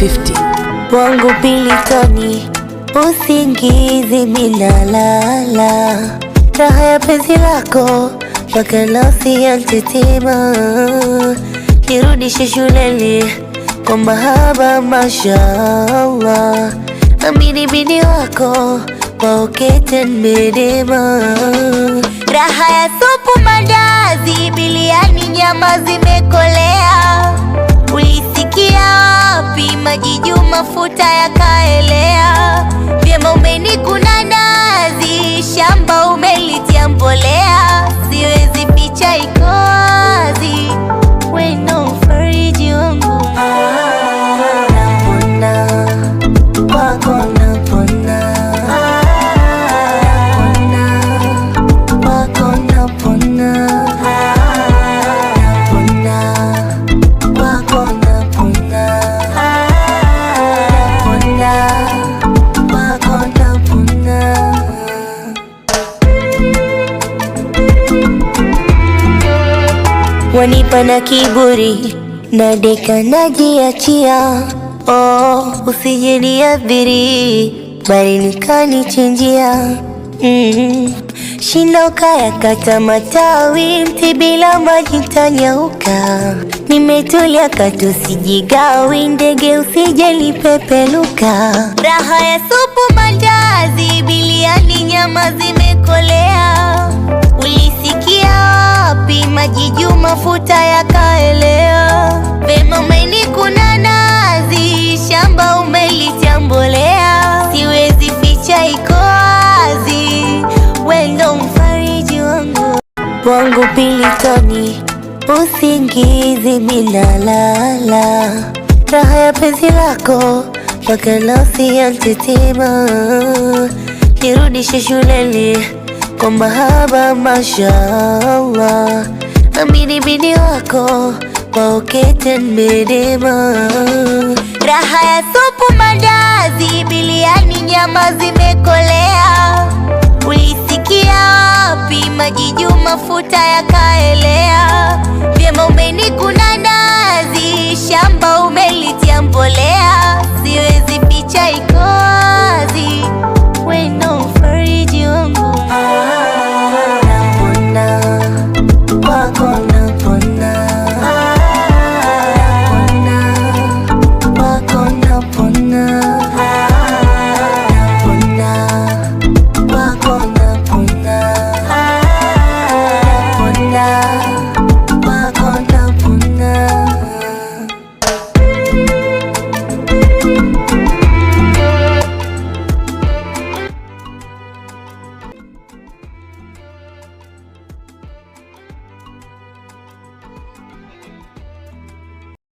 50 wangu bilitoni, usingizi minalala, raha ya penzi lako mpaka nafsi ya tetemeka, nirudishe shuleni kwa mahaba, mashaallah, amini bini wako paoketen raha ya supu, mandazi, biliani, nyama zimekole mafuta yakaele wanipa na kiburi na deka najiachia, oh, usije bari bali nikanichinjia mm. Mm-hmm. Shindoka kata matawi mti bila maji tanyauka, nimetulia kato sijigawi, ndege usije lipepeluka, raha ya supu, mandazi, biliani, nyama zimekolea wangu bilitoni, usingizi minalala, raha ya penzi lako makalasi ya mtetima, nirudishe shuleni kwa mahaba, mashallah, amini bini wako waoketen bedema, raha ya supu, mandazi, biliani, nyama zimekolea mafuta yakaelea vyema, umenikuna